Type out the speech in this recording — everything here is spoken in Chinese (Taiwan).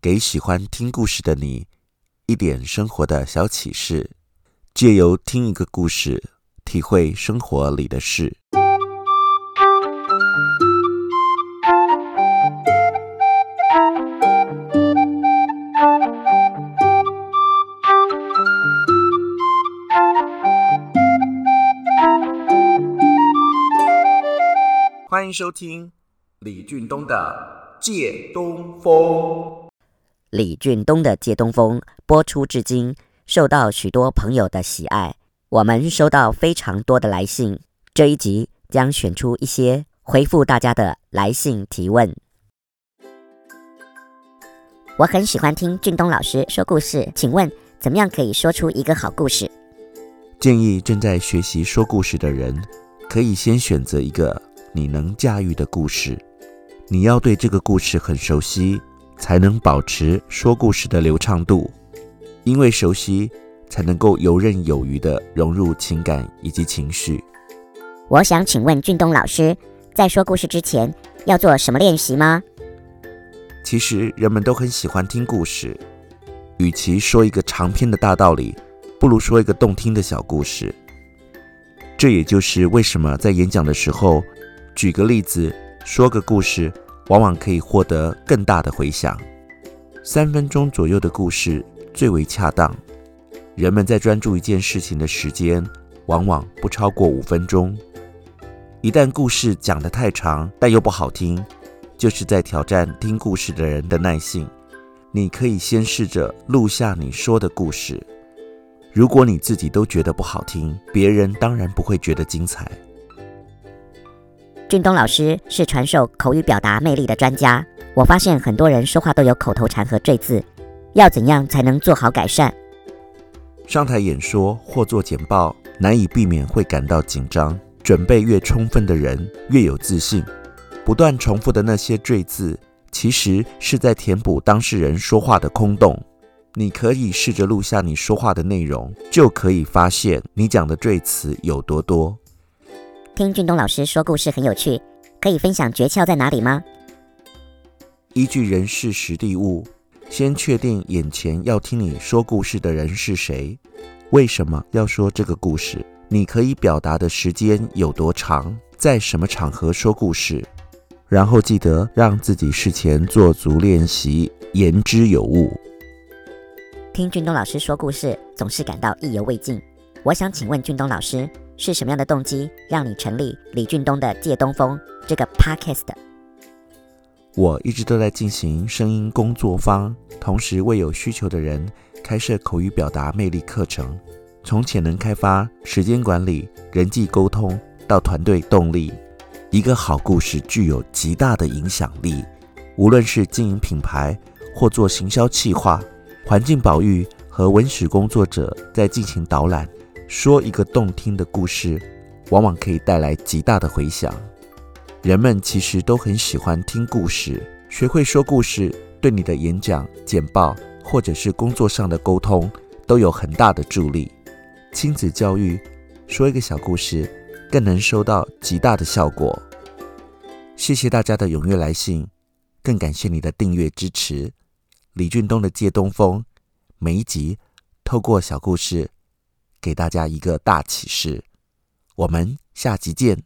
給喜歡聽故事的你，一點生活的小啟示。借由聽一個故事，體會生活裡的事。歡迎收聽李俊東的《借東風》。李俊東的《借東風》播出至今，受到許多朋友的喜愛。我們收到非常多的來信，這一集將選出一些回復大家的來信提問。我很喜歡聽俊東老師說故事，請問怎麼樣可以說出一個好故事？建議正在學習說故事的人，可以先選擇一個你能駕馭的故事，你要對這個故事很熟悉。才能保持說故事的流暢度，因為熟悉，才能夠游刃有餘地融入情感以及情緒。我想請問俊東老師，在說故事之前要做什麼練習嗎？其實人們都很喜歡聽故事，與其說一個長篇的大道理，不如說一個動聽的小故事。這也就是為什麼在演講的時候，舉個例子，說個故事。往往可以獲得更大的回響。三分鐘左右的故事最為恰當。人們在專注一件事情的時間，往往不超過五分鐘。一旦故事講得太長，但又不好聽，就是在挑戰聽故事的人的耐性。你可以先試着錄下你說的故事。如果你自己都覺得不好聽，別人當然不會覺得精彩。俊東老師是傳授口語表達魅力的專家。我發現很多人說話都有口頭禪和贅字，要怎樣才能做好改善？上台演說或做簡報，難以避免會感到緊張。準備越充分的人越有自信。不斷重複的那些贅字，其實是在填補當事人說話的空洞。你可以試着錄下你說話的內容，就可以發現你講的贅詞有多多。聽俊東老師說故事很有趣，可以分享訣竅在哪裡嗎？依據人事時地物，先確定眼前要聽你說故事的人是誰，為什麼要說這個故事？你可以表達的時間有多長？在什麼場合說故事？然後記得讓自己事前做足練習，言之有物。聽俊東老師說故事，總是感到意猶未盡。我想請問俊東老師。是什麼樣的動機讓你成立李俊東的借東風這個 podcast？我一直都在進行聲音工作坊，同時為有需求的人開設口語表達魅力課程，從潛能開發、時間管理、人際溝通到團隊動力。一個好故事具有極大的影響力，無論是經營品牌或做行銷企劃、環境保育和文史工作者在進行導覽。說一個動聽的故事，往往可以帶來極大的迴響。人們其實都很喜歡聽故事，學會說故事，對你的演講、簡報，或者是工作上的溝通，都有很大的助力。親子教育說一個小故事，更能收到極大的效果。謝謝大家的踴躍來信，更感謝你的訂閱支持。李俊東的借東風，每一集透過小故事。給大家一個大啟示，我們下集見。